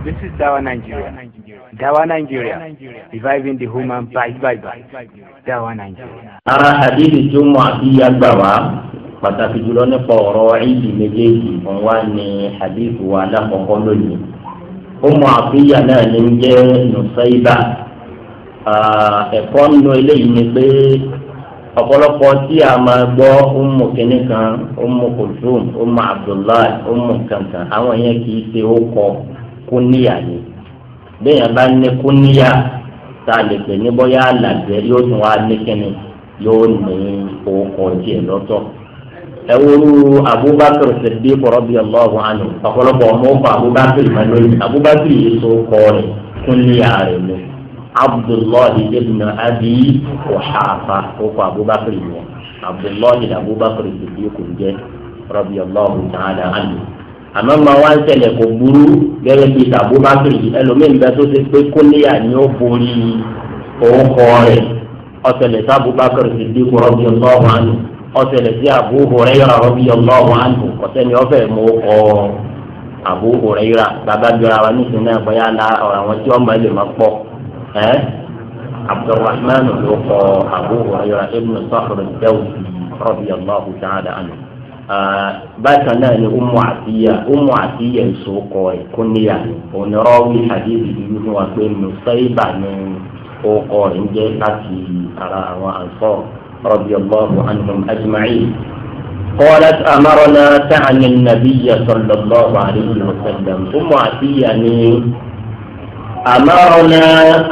This is Dawa Nigeria. Dawa Nigeria. Reviving the human by Bible. Dawa Nigeria. Ara hadithi tó mọ àbí yàgbà wá pàtàkì jùlọ nípa ọ̀rọ̀ ìdí méjèèjì hadithi wa alákọ̀ọ́kọ́ lónìí. Ọmọ àbíyà náà ní ń jẹ́ Nùsáìbà. Ẹ̀kọ́ a máa gbọ́ ọmọ kan ọmọ kúníyà ni bẹ́ẹ̀ bá ní kúníyà tá a lè pè ní bóyá àlàjẹ́ yóò tún wá ní kíni yóò ní orúkọ díẹ̀ lọ́tọ̀ ẹ wúru Abubakar Siddiq radiyallahu anhu ọ̀pọ̀lọpọ̀ ọmọ ọkọ Abubakar malóyè Abubakar yìí tó kọ kúníyà Abdullahi ibn Abi ọkọ Abubakar yìí Abdullahi Abubakar kò àmọ́ máa wá ń ṣẹlẹ̀ kò burú gẹ́gẹ́ bíi tàbúbákìrì ẹlòmíín bẹ tó ṣe pé kóníyà ni ó borí orúkọ rẹ̀ ọ̀sẹ̀lẹ̀ sí abubakar siddiq rọ́bì ọlọ́wọ́ àánú ọ̀sẹ̀lẹ̀ sí abu hurayra rọ́bì ọlọ́wọ́ àánú ọ̀sẹ̀ni ọ̀fẹ́ mú ọ abu hurayra bàbá bíra wa nísìnyí náà bóyá la ọ̀rọ̀ àwọn tí wọ́n máa lè máa pọ̀ ẹ́ abdulrahman ló kọ abu hurayra ibn sakhr al-dawsi rọ́bì ọlọ́wọ́ ta'ala anhu. Ah, bákan náà ni umu àtiyà umu àtiyà ìṣòkò ìkúnníyà onírọ́wì àdébì yìí fún wa pé nùsáìbà ni òkò rẹ̀ láti ara àwọn àǹfọ̀ radiyallahu anhum ajma'in. قالت أمرنا تعني النبي صلى الله عليه وسلم أم عتية أمرنا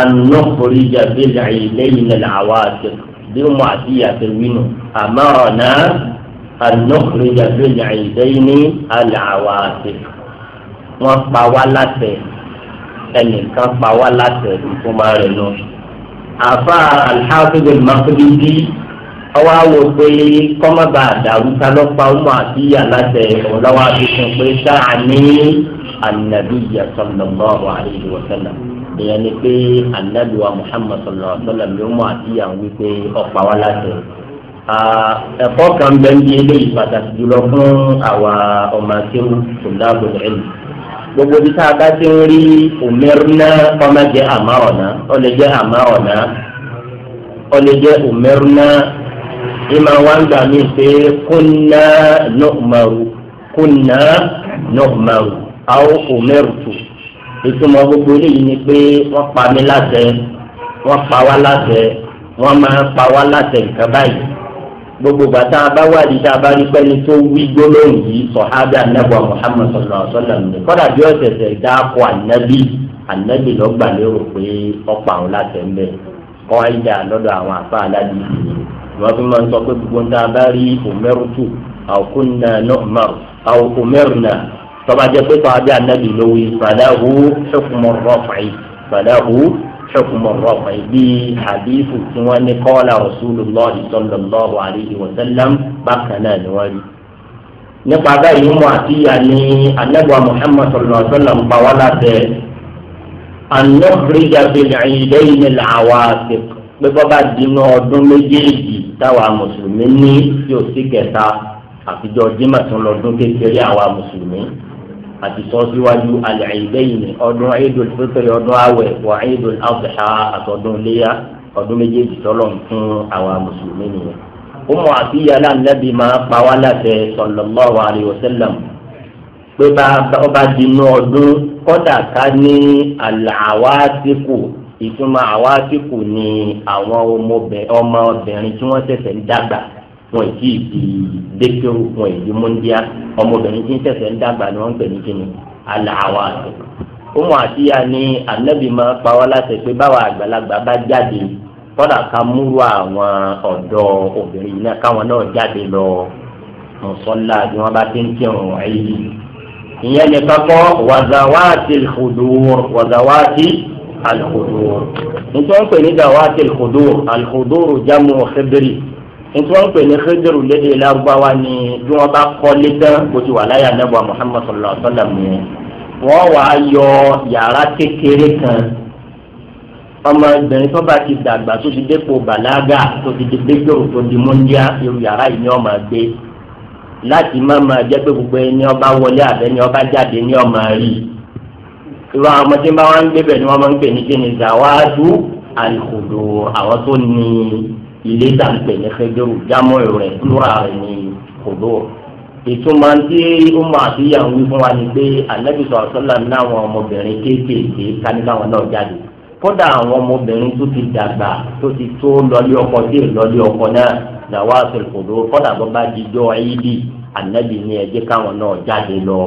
أن نخرج بالعيدين العواتق بأم عتية في الوينو أمرنا anọ́kùnrinjà tó lè àìdẹ́yìn ní àlàáwá àti wọ́n pa wá látẹ ẹnìkan pa wá látẹ ìfúnma rẹ̀ lọ. àfa alḥafiz al-Maqdisi ọwọ́ àwò pé kọ́mọ́bà dàrúta lọ́pàá ọmọ àtìyà látẹ ọ̀lọ́wọ́ àfikún pé sáà ní anabiya sallallahu alayhi wa sallam ìyẹn ni pé anabiwa muhammad sallallahu alayhi wa sallam yóò mọ àtìyà wípé ọ̀pá wá látẹ ẹ̀kọ́ kan bẹ́ẹ̀ ní eléyìí pàtàkì jùlọ fún àwa ọmọ akéwù tòlábù ẹ̀lì gbogbo bí tá a bá ti ń rí òmẹ́rúná ọmọ jẹ́ àmà ọ̀nà ó lè jẹ́ àmà ọ̀nà ó lè jẹ́ òmẹ́rúná ìmọ̀ wa ń gbà mí pé kúnná nọ́ọ̀mọ̀rù kúnná nọ́ọ̀mọ̀rù àwọn òmẹ́rùtù ìtumọ̀ gbogbo eléyìí ni pé wọ́n pa mí láṣẹ wọ́n pa wá láṣẹ wọ́n máa pa wá láṣẹ nǹkan báyìí gbogbo gbàtà abáwádìí tá a bá rí pẹ́ni tó wí gbólóhùn yìí sọ̀hábẹ́ anábọ̀ Muhammad sallallahu alaihi wasallam ní kọ́dà bí ọ̀sẹ̀ ṣẹ̀ dáàkọ́ ànábì ànábì lọ́gbà lérò pé ọ̀pá òun láti ń bẹ̀ kọ́ àìdá lọ́dọ̀ àwọn àfa aládì wọ́n fi máa ń sọ pé gbogbo tá a bá rí omerutu àwòkúnna nọ́ọ̀mà àwòkúnmẹ́rùnà tọ́ba jẹ́ pé sọ̀hábẹ́ anábì lówó hukumar rọ̀pẹ̀ bí àdìsù tí wọ́n ní kọ́lá rasulullah sallallahu alayhi wa sallam bákan náà ni wọ́n rí. nípa báyìí mú àtìyà ní anábọ̀ muhammad sallallahu alayhi wa sallam pa wá lábẹ́ anọ́kìrìjà bẹ̀rẹ̀ ìdẹ́yìn ní àwàṣẹ pé bọ́ba dínú ọdún méjèèjì táwa mùsùlùmí ní yóò sí kẹta àfijọ́ jimá tún lọ́dún kékeré àwa mùsùlùmí àti sọ síwájú al-Eidayni ọdún Eidul Fitri ọdún awẹ wà Eidul Adha àtọdún léyà ọdún méjèèjì tọ́lọ́run fún àwa mùsùlùmí nìyẹn. Ummu Atiyya Ànábì máa pa wá láṣẹ sallallahu alayhi wa sallam pé ọba dínú ọdún kọ́dà ká ní al-awatiqu ìtumọ̀ awatiqu ni àwọn ọmọbìnrin tí wọ́n ṣẹ̀ṣẹ̀ ń dàgbà wọn kì í di dékèrú wọn èyí múndíá ọmọbìnrin tí ń tẹ̀sẹ̀ ń dàgbà ni wọ́n ń pè ní kíni aláwa ọmọ àtìyá ni anabi máa pa wá láti pé báwa àgbàlagbà bá jáde kọ́dà ká múrú àwọn ọ̀dọ́ obìnrin náà káwọn náà jáde lọ mùsọ́lá bí wọ́n bá ti ń kírun ẹ̀yìn ìyẹn ni kakọ́ wàzàwáàtì alhudur wàzàwáàtì alhudur nítorí pé ní zawáàtì alhudur alhudur jamu khibri nti wọn pè ní xejiru lédè lárúbáwá ni bí wọn bá kọ́ létán bó ti wà láyà nebo muhammad sallallahu alaihi wa sallam yẹn wọn wàá yọ yàrá kékeré kan ọmọbìnrin tó bá ti dàgbà tó ti dépò bàlágà tó ti di gbẹgbẹrù tó di múndíá irú yàrá yìí ni ọmọ gbé láti má ma jẹ pé gbogbo ẹni ọba wọlé àbẹ ni ọba jáde ni ọmọ rí irú àwọn ọmọdé bá wọn ń gbébẹ ni wọn máa ń gbé ní kíni zawadu alikodo àwọn tó ní ilé dàgbẹ̀ ní fẹ́jọ́rù jámọ́ rẹ̀ plúra rẹ̀ ní kòdó. ìtumọ̀ tí ó máa fi yà ń wí fún wa ni pé anabi sọ̀rọ̀ sọ́lá náwọn ọmọbìnrin kéékèèké káníláwọn náà jáde kódà àwọn ọmọbìnrin tó ti dàgbà tó ti tó lọlé ọkọ dé lọlé ọkọ náà làwọn àfẹlẹ kòdó kódà bó bá jíjọ ayíbi anabi ní ẹjẹ káwọn náà jáde lọ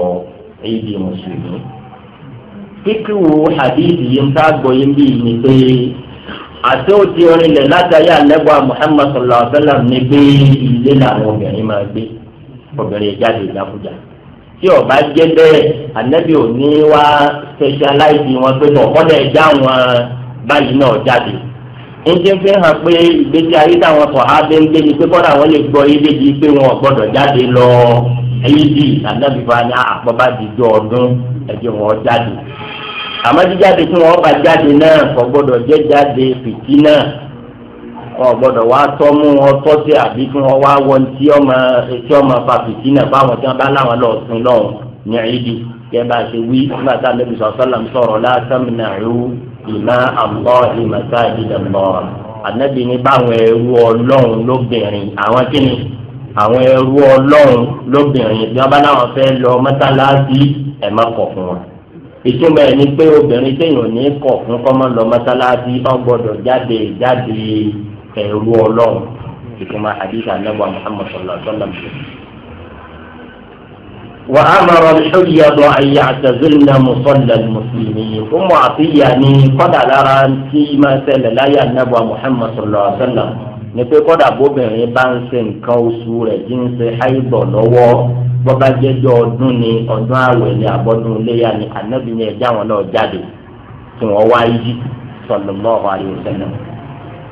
ayíbi mùsùlùmí. kíkú wo àdéhìí ń bá gbọ́ yín bíi ni pé àti ó ti rinlẹ̀ látàrí àlẹ́bùà Muhammad sallallahu alayhi wa sallam ní pé ilé làwọn obìnrin máa gbé obìnrin jáde ìdákújà tí ó bá jẹ́ bẹ́ẹ̀ ànábì ò ní wá specialize wọn pé náà ọ̀dẹ̀ já wọn báyìí náà jáde njẹ fi hàn pé ìgbésí ayé táwọn sọ ha bẹ ń gbé ni pé kọ́dà wọn lè gbọ́ ilé di pé wọn ò gbọ́dọ̀ jáde lọ èyí di ànábì fún wa ní àpọ́bá dìjọ́ ọdún ẹ̀jẹ̀ wọn jáde àmọ́ jíjáde tí wọ́n bá jáde náà kò gbọ́dọ̀ jẹ́ jáde fìtínà wọn gbọ́dọ̀ wá tọ́ mú wọn tọ́ sí àbí kí wọ́n wá wọn tí ọmọ tí ọmọ fa fìtínà báwọn tí wọ́n bá láwọn lọ sùn lọ́hùn ní ẹ̀ẹ́dì kẹ́ bá ṣe wí nígbà tá a lè fi sọ̀sọ́lá sọ̀rọ̀ látàmínà ẹ̀rú ìmá àmọ́ ìmọ̀tá ìdìdàmọ́ ànábì ní báwọn ẹrú ọlọ́run lóbìnrin àwọn kíni àwọn ẹrú ọlọ́run lóbìnrin bí bá láwọn fẹ́ lọ mọ́tálásí ẹ̀mọ́kọ̀ fún wọn ìtumọ̀ ẹ̀ ni pé obìnrin téèyàn ní kọ̀ fún kọ́mọ́ lọ mọ́sálásí wọn gbọ́dọ̀ jáde jáde ẹ̀rú ọlọ́run ìtumọ̀ àdìsá anábọ̀ Muhammad sallallahu alaihi wa sallam. وأمر الحجة أن يعتزلن مصلى المسلمين أم عطية ni kọ́dà lára tí máa ṣẹlẹ̀ láyé anábọ̀ Muhammad sallallahu ni pé kọ́dà bóbìnrin bá ń ṣe nǹkan oṣù rẹ̀ jí ń ṣe àìbọ̀ lọ́wọ́ bọ́bá jẹ́jọ́ ọdún ni ọdún àwẹ̀ ni àbọ̀dún iléyà ni ànábì ni ẹ̀já wọn náà jáde tí wọ́n wá yí sallallahu alaihi wasallam.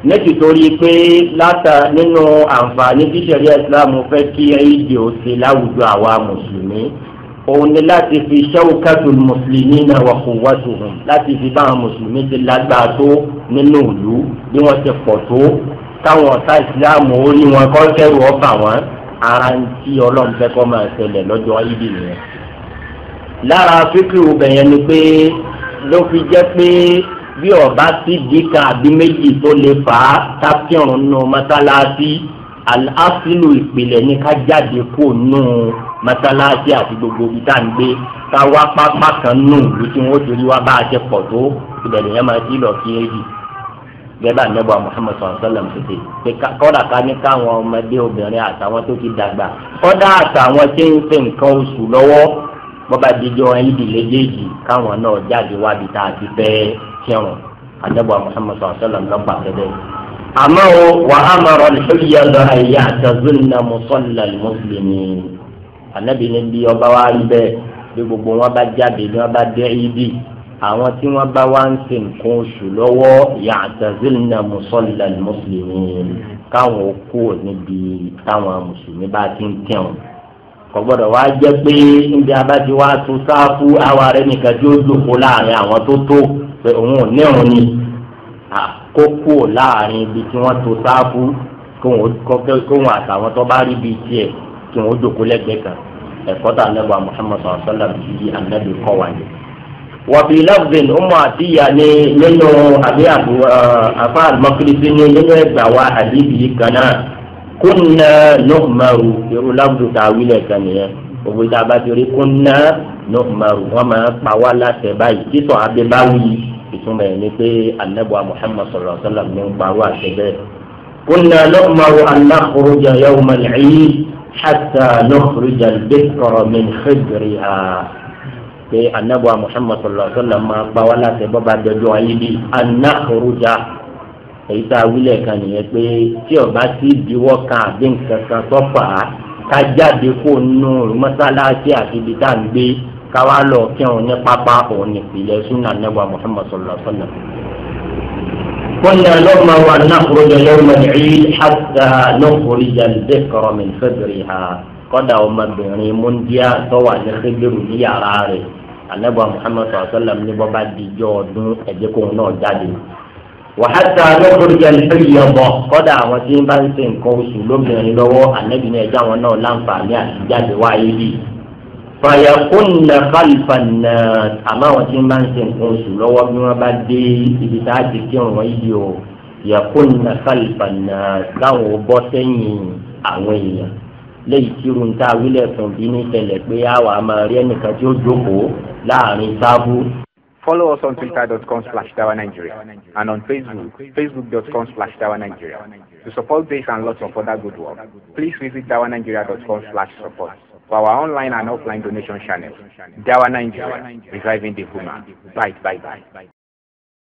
méjì torí pé látà nínú àǹfààní tí ṣẹ̀ríà ìsìláàmù fẹ́ kí ẹ̀yìndì ó ṣe láwùjọ àwa mùsùlùmí òun ni láti fi shawkatul muslimina wa quwwatuhum láti fi báwọn mùsùlùmí ti lágbàá tó nínú ìlú bí wọ́n ti pọ̀ tó káwọn ọ̀tá ìsìláàmù ó rí wọn kọ́ ara ń tí ọlọ́run fẹ́ kọ́ máa ṣẹlẹ̀ lọ́jọ́ ìdí nìyẹn. lára fíkì obìnrin ni pé ló fi jẹ́ pé bí ọba ti di kan àbí méjì tó lè fà á tákìrún nù mọ́sálásí aláfíìlù ìpìlẹ̀ ní ká jáde kó nù mọ́sálásí àti gbogbo ibi tá à ń gbé ká wá pápá kan nù lójú wọn torí wá bá a ṣe pọ̀ tó ìbẹ̀rẹ̀ yẹn máa ti lọ kí é yìí gẹ́gbà nẹ́bà Muhammad sallam tètè pé kọ́dà ká ní káwọn ọmọdé obìnrin àtàwọn tó ti dàgbà kọ́dà àtàwọn tí ń fi nǹkan oṣù lọ́wọ́ bọ́ba jíjọ ìdí léjèèjì káwọn náà jáde wábi tá a ti fẹ́ kírun àdẹ́bà Muhammad sallam lọ́ pàṣẹ bẹ́ẹ̀. àmọ́ o wà á máa rọ ìṣòyìyà lọ àyè àtàzúnà mùsọ̀lá mùsùlùmí ànábì ní bí ọba wa rí bẹ́ẹ̀ bí gbogbo wọn bá jáde ní wọn bá dé ìdí àwọn tí wọ́n bá wá ń ṣe nǹkan oṣù lọ́wọ́ ya'tazilna musalla al-muslimin káwọn kú níbi táwọn mùsùlùmí bá ti ń kẹun kò gbọ́dọ̀ wá jẹ́ pé níbi abájú wa tún sáfù àwa rẹ̀ nìkan tí ó dòkó láàrin àwọn tó tó pé òun ò ní òun ni àkókò láàrin ibi tí wọ́n tó sáfù kóhun àtàwọn tó bá rí bíi tiẹ̀ kí wọ́n dòkó lẹ́gbẹ̀ẹ́ kan ẹ̀kọ́ tà lẹ́gbàá Muhammad sallallahu alaihi wa sallam yìí anábì wàbí lafdin ọmọ àtìyà ni nínú àbí uh, àfa àlùmọ́kìlìsì ni nínú ẹgbàá wa àdìbì kan náà kúnná nọ́ọ̀mọ́rù irú lafdu tá a wílẹ̀ kan nìyẹn gbogbo ìta bá ti rí kúnná nọ́ọ̀mọ́rù wọ́n máa pa wá láṣẹ báyìí títọ́ abẹ́ bá wí ìtumọ̀ ẹ̀ ni pé anabu muhammad sallallahu alaihi ló ń parọ́ àṣẹ bẹ́ẹ̀ kúnná nọ́ọ̀mọ́rù anáhùrújà yawmal pé anabuwa muhammad sallallahu alaihi wa sallam máa pa wá láti bọ́ba dọjọ́ ayé bíi anáhùrúdà èyí tá a wílẹ̀ kan nìyẹn pé tí ọba ti diwọ́ kan àbí nǹkan kan tó fà á ká jáde kó nù mọ́sálásí àti ibi tá à ń gbé káwá lọ kírun ní pápá òun nìpìlẹ̀ súnà anabuwa muhammad sallallahu alaihi wa sallam. كنا نؤمر أن نخرج يوم العيد حتى نخرج الذكر من فجرها kọ́dà ọmọbìnrin múndíá tó wà ní kébìrù ní yàrá rẹ̀ anábọ̀ muhammad sọ̀tọ́lá ní bọ́ bá dijọ́ ọdún ẹ̀jẹ̀ kóun náà jáde. wàhátà lọ́kùnrin ẹlẹ́yìn ọ̀bọ̀ kọ́dà àwọn tí ń bá ń ṣe nǹkan oṣù lóbìnrin lọ́wọ́ anábì ní ẹja àwọn náà láǹfààní àtijáde wáyé bì. fàyàkùnà kálífànà àmọ́ àwọn tí ń bá ń ṣe nǹkan oṣù lọ́wọ́ bí wọ́n bá dé ibi tá a ti kírun wọ́n yìí o yàkùnà kálífànà káwọn bọ́ sẹ́yìn àwọn èèyàn lẹ́yìn tí irun tá a wílẹ̀ sùn bí ní ìṣẹ̀lẹ̀ pé àwa máa rí ẹnìkan tí ó jókòó láàrin sáfù. Follow us on twitter.com slash Dawa Nigeria and on Facebook, facebook.com slash Dawa Nigeria. To support this and lots of other good work, please visit dawanigeria.com slash support for our online and offline donation channels. Dawa Nigeria, reviving the human. Bye, bye, bye.